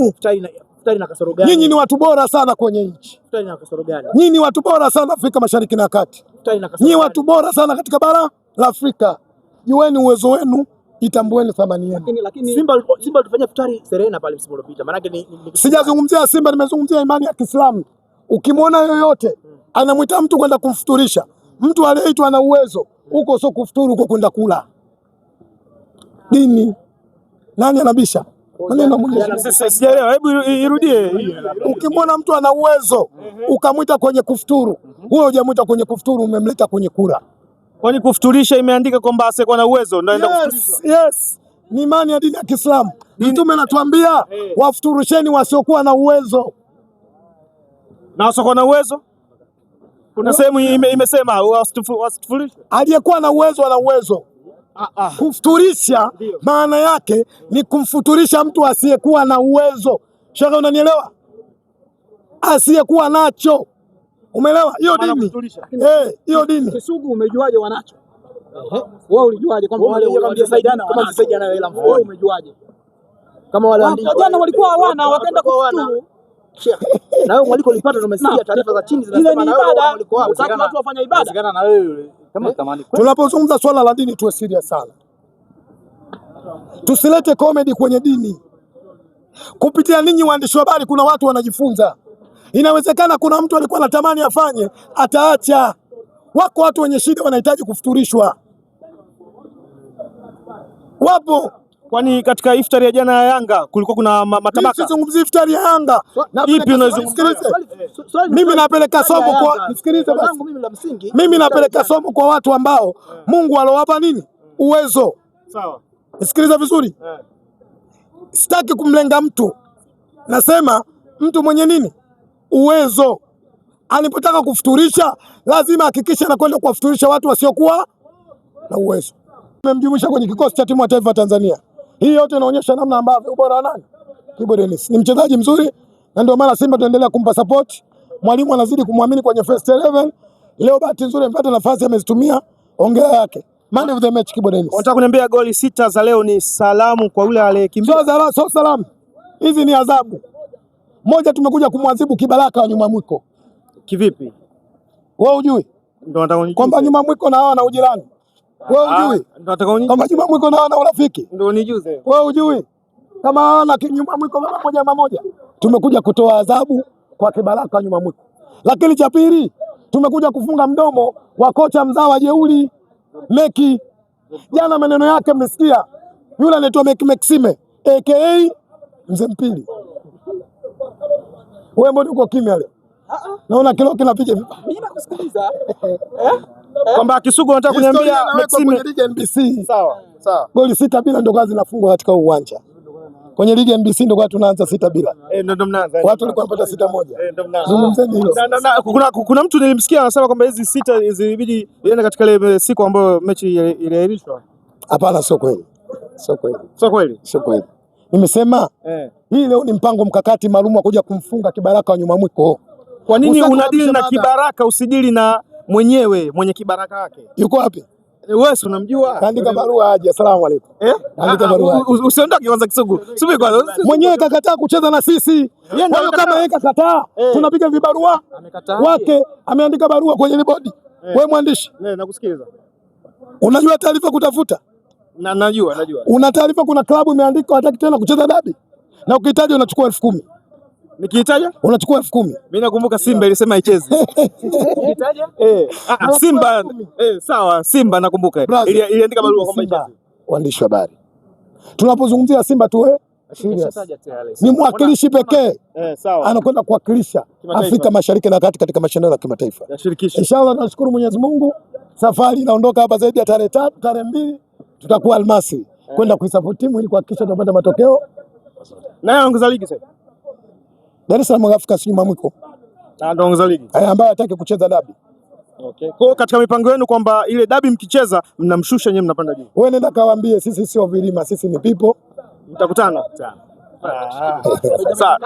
huu. Nyinyi ni watu bora sana kwenye nchi, nyinyi ni watu bora sana Afrika Mashariki na Kati, nyinyi watu bora sana katika bara la Afrika. Jueni uwezo wenu, itambueni thamani yenu. Sijazungumzia Simba, nimezungumzia imani ya Kiislamu. Ukimwona yoyote anamwita mtu kwenda kumfuturisha mtu aliyeitwa ana uwezo huko, sio kufuturu, huko kwenda kula dini. Nani anabisha? maneno sijaelewa, hebu irudie. Ukimwona mtu ana uwezo mm-hmm. ukamwita kwenye kufuturu, huyo mm-hmm. hujamwita kwenye kufuturu, umemleta kwenye kura. Kwani kufuturisha imeandika kwamba asiyekuwa na uwezo ndio Yes, ni imani ya dini ya Kiislamu. Mtume anatuambia eh. wafuturusheni wasiokuwa na uwezo na wasiokuwa na uwezo kuna sehemu imesema wasitufurishe, aliyekuwa na uwezo ana uwezo Ah, ah. Kufuturisha maana yake ni kumfuturisha mtu asiyekuwa na uwezo. Shaka, unanielewa? Asiyekuwa nacho, umeelewa? Hiyo dini eh, hiyo dini. Kisugu, umejuaje wanacho? Wewe ulijuaje kwamba wale wanasaidiana? Kama msaidiana hela mfukoni, umejuaje? Kama wale jana walikuwa hawana wakaenda kwa kufuturu na wewe mwaliko ulipata, tumesikia taarifa za chini zinasema na wewe mwaliko wako. Sasa watu wafanya ibada na wewe yule. Kama eh? utamani. kweli. Tunapozungumza swala la dini tuwe serious sana, tusilete comedy kwenye dini. Kupitia ninyi waandishi wa habari, kuna watu wanajifunza. Inawezekana kuna mtu alikuwa anatamani afanye, ataacha. Wako watu wenye shida wanahitaji kufuturishwa, wapo Kwani katika iftari ya jana ya Yanga kulikuwa kuna matabaka. Sizungumzie iftari ya Yanga. Ipi unaizungumzia? Eh, mimi napeleka somo kwa nisikilize basi. Mimi napeleka somo kwa watu ambao eh. Mungu alowapa nini? Eh. Uwezo. Sawa. Nisikilize vizuri. Sitaki kumlenga mtu. Nasema mtu mwenye nini? Uwezo. Alipotaka kufuturisha lazima hakikisha anakwenda kuwafuturisha watu wasiokuwa na uwezo. Tumemjumuisha kwenye kikosi cha timu ya taifa Tanzania. Hii yote inaonyesha namna ambavyo ubora wa nani Kibu Denis ni mchezaji mzuri, na ndio maana Simba tuendelea kumpa support. Mwalimu anazidi kumwamini kwenye first 11. Leo bahati nzuri amepata nafasi, amezitumia. Ongea yake man of the match Kibu Denis. Unataka kuniambia goli sita za leo ni salamu kwa yule aliyekimbia? Sio salamu, sio salamu, hizi ni adhabu. Moja, tumekuja kumwadhibu kibaraka wa nyuma mwiko. Kivipi? Wewe hujui kwamba nyuma mwiko na hawa na ujirani wewe ah, Nataka hujui? Kama nyumba mwiko na rafiki. Ndio nijuze. Wewe hujui? Kama ana nyumba mwiko mama moja mama moja. Tumekuja kutoa adhabu kwa kibaraka nyumba mwiko. Lakini cha pili tumekuja kufunga mdomo wa kocha mzawa jeuli Meki. Jana maneno yake mmesikia. Yule anaitwa Meki Maxime aka Mzee Mpili. Wewe mbona uko kimya leo? Ah, ah. Naona kilo kinapiga vipi? Mimi nakusikiliza. Eh? Eh? kwamba Kisugu anataka kuniambia Maxime NBC. Sawa. Eh. Sawa. Goli sita bila ndo kazi inafungwa katika uwanja kwenye ligi ya NBC ndo kwa tunaanza sita bila. Eh, ndo mnaanza. Watu walikuwa wanapata sita moja. Eh, ndo mnaanza. Zungumzeni hilo. Kuna kuna mtu nilimsikia anasema kwamba hizi sita zilibidi iende katika ile siku ambayo mechi iliahirishwa. Hapana, sio kweli. Sio kweli. Sio kweli. Sio kweli. Nimesema eh, hii leo ni mpango mkakati maalum wa kuja kumfunga kibaraka wa nyuma mwiko. Kwa nini unadili na kibaraka usidili na mwenyewe mwenye kibaraka wake yuko wapi? Eh, wewe unamjua, andika barua aje. Asalamu alaykum. Eh, andika ah, ah, barua, usiondoke kwanza. Kisugu subiri kwanza, mwenyewe kakataa kucheza na sisi. Kwa hiyo kama yeye kakataa, eh. tunapiga vibarua wake. Ameandika barua kwenye ile bodi. Eh. Wewe mwandishi, nakusikiliza. Unajua taarifa kutafuta na, najua, najua. Una taarifa kuna klabu imeandika hataki tena kucheza dabi, na ukihitaji unachukua elfu kumi. Nikiitaja unachukua elfu kumi. Mimi nakumbuka Simba ilisema icheze. Nikiitaja? Eh. eh, ah, Simba eh, sawa, Simba nakumbuka. Iliandika barua kwamba icheze. Waandishi wa habari. Tunapozungumzia Simba tu eh ni mwakilishi pekee eh, anakwenda kuwakilisha Afrika Mashariki na Kati katika mashindano ya kimataifa. Inshallah, nashukuru Mwenyezi Mungu, safari inaondoka hapa zaidi ya tarehe tatu, tarehe mbili tutakuwa Almasi eh. kwenda kuisapoti timu ili kuhakikisha tunapata matokeo na anaongeza ligi sasa. Dar es Salaam Afrika si mamwiko ambaye hataki kucheza dabi. Okay. Kwa katika mipango yenu kwamba ile dabi mkicheza mnamshusha nyewe mnapanda juu. Wewe nenda kawaambie sisi sio vilima, sisi ni pipo. Mtakutana. Sawa.